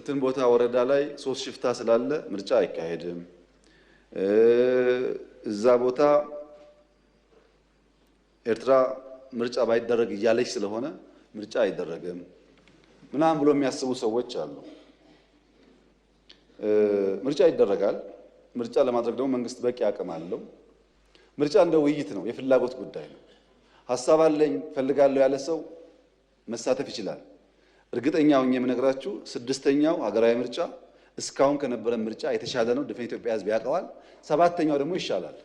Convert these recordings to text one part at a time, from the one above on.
እንትን ቦታ ወረዳ ላይ ሶስት ሽፍታ ስላለ ምርጫ አይካሄድም፣ እዛ ቦታ ኤርትራ ምርጫ ባይደረግ እያለች ስለሆነ ምርጫ አይደረግም ምናምን ብሎ የሚያስቡ ሰዎች አሉ። ምርጫ ይደረጋል። ምርጫ ለማድረግ ደግሞ መንግስት በቂ አቅም አለው። ምርጫ እንደ ውይይት ነው፣ የፍላጎት ጉዳይ ነው። ሀሳብ አለኝ ፈልጋለሁ ያለ ሰው መሳተፍ ይችላል። እርግጠኛ ሆኜ የምነግራችሁ ስድስተኛው ሀገራዊ ምርጫ እስካሁን ከነበረ ምርጫ የተሻለ ነው። ድፍን ኢትዮጵያ ህዝብ ያውቀዋል። ሰባተኛው ደግሞ ይሻላል።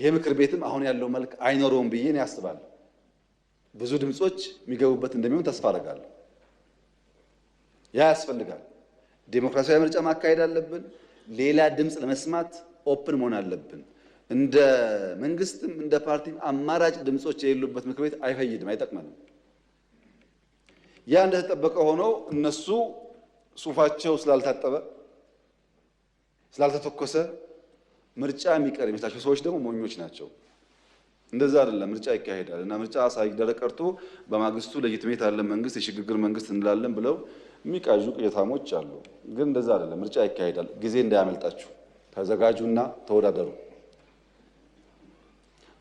ይሄ ምክር ቤትም አሁን ያለው መልክ አይኖረውም ብዬ ነው ያስባለሁ። ብዙ ድምጾች የሚገቡበት እንደሚሆን ተስፋ አደርጋለሁ። ያ ያስፈልጋል። ዴሞክራሲያዊ ምርጫ ማካሄድ አለብን። ሌላ ድምፅ ለመስማት ኦፕን መሆን አለብን። እንደ መንግስትም እንደ ፓርቲም አማራጭ ድምጾች የሌሉበት ምክር ቤት አይፈይድም፣ አይጠቅመንም። ያ እንደተጠበቀ ሆኖ እነሱ ሱፋቸው ስላልታጠበ ስላልተተኮሰ ምርጫ የሚቀር የሚመስላቸው ሰዎች ደግሞ ሞኞች ናቸው። እንደዛ አይደለም፣ ምርጫ ይካሄዳል። እና ምርጫ ሳይደረግ ቀርቶ በማግስቱ ለጅትሜት አለ መንግስት የሽግግር መንግስት እንላለን ብለው የሚቃዡ ቅዠታሞች አሉ። ግን እንደዛ አይደለም፣ ምርጫ ይካሄዳል። ጊዜ እንዳያመልጣችሁ ተዘጋጁና ተወዳደሩ።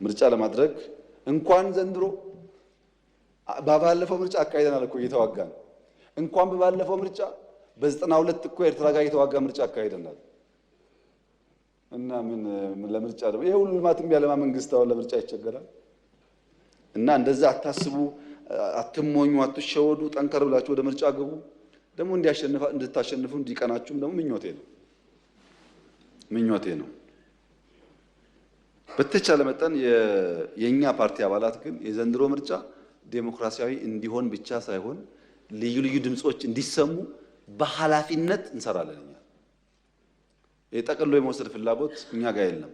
ምርጫ ለማድረግ እንኳን ዘንድሮ በባለፈው ምርጫ አካሂደናል እኮ እየተዋጋን እንኳን በባለፈው ምርጫ በዘጠና ሁለት እኮ ኤርትራ ጋር እየተዋጋ ምርጫ አካሂደናል። እና ምን ለምርጫ ደግሞ ይሄ ሁሉ ልማትም ያለማ መንግስት አሁን ለምርጫ ይቸገራል። እና እንደዛ አታስቡ፣ አትሞኙ፣ አትሸወዱ። ጠንከር ብላችሁ ወደ ምርጫ ግቡ። ደግሞ እንዲያሸንፋ እንድታሸንፉ እንዲቀናችሁም ደግሞ ምኞቴ ነው ምኞቴ ነው። በተቻለ መጠን የእኛ ፓርቲ አባላት ግን የዘንድሮ ምርጫ ዴሞክራሲያዊ እንዲሆን ብቻ ሳይሆን ልዩ ልዩ ድምፆች እንዲሰሙ በኃላፊነት እንሰራለን። እኛ የጠቅሎ የመውሰድ ፍላጎት እኛ ጋር የለም።